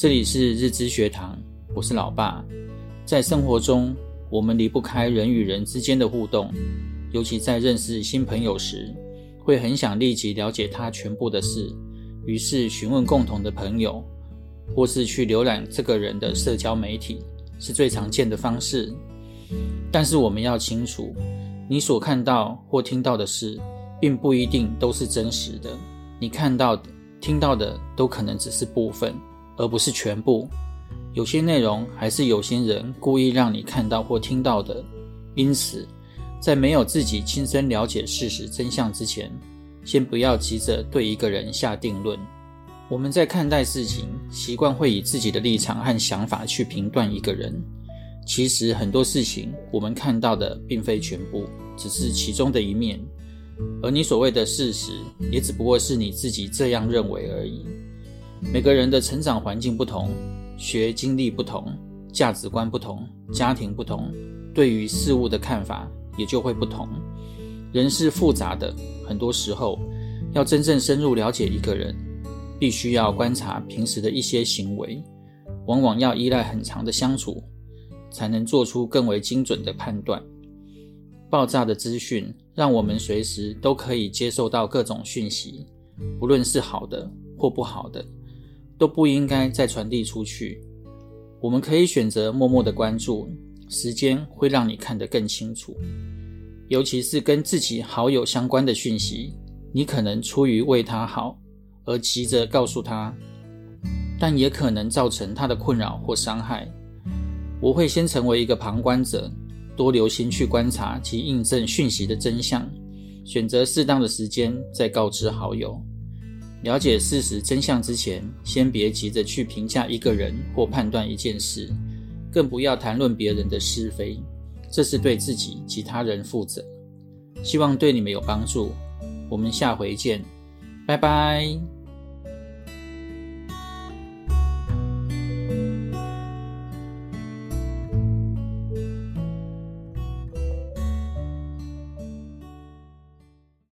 這裡是日知學堂，我是老爸。在生活中，我們離不開人與人之間的互動，尤其在認識新朋友時，會很想立即了解他全部的事，於是詢問共同的朋友，或是去瀏覽這個人的社交媒體，是最常見的方式。但是我們要清楚，你所看到或聽到的事，並不一定都是真實的，你看到聽到的，都可能只是部分。而不是全部，有些內容還是有些人故意讓你看到或聽到的。因此，在沒有自己親身了解事實真相之前，先不要急着對一個人下定論。我們在看待事情，習慣會以自己的立場和想法去評斷一個人。其實很多事情，我們看到的並非全部，只是其中的一面。而你所謂的事實，也只不過是你自己這樣認為而已。每個人的成長環境不同，學經歷不同，價值觀不同，家庭不同，對於事物的看法也就會不同。人是複雜的，很多時候要真正深入了解一個人，必須要觀察平時的一些行為，往往要依賴很長的相處，才能做出更為精準的判斷。爆炸的資訊讓我們隨時都可以接受到各種訊息，不論是好的或不好的，都不應該再傳遞出去。我們可以選擇默默的關注，時間會讓你看得更清楚。尤其是跟自己好友相關的訊息，你可能出於為他好，而急着告訴他，但也可能造成他的困擾或傷害。我會先成為一個旁觀者，多留心去觀察及印證訊息的真相，選擇適當的時間再告知好友。了解事實真相之前，先別急着去評價一個人或判斷一件事，更不要談論別人的是非，這是對自己、其他人負責。希望對你們有幫助。我們下回見，拜拜。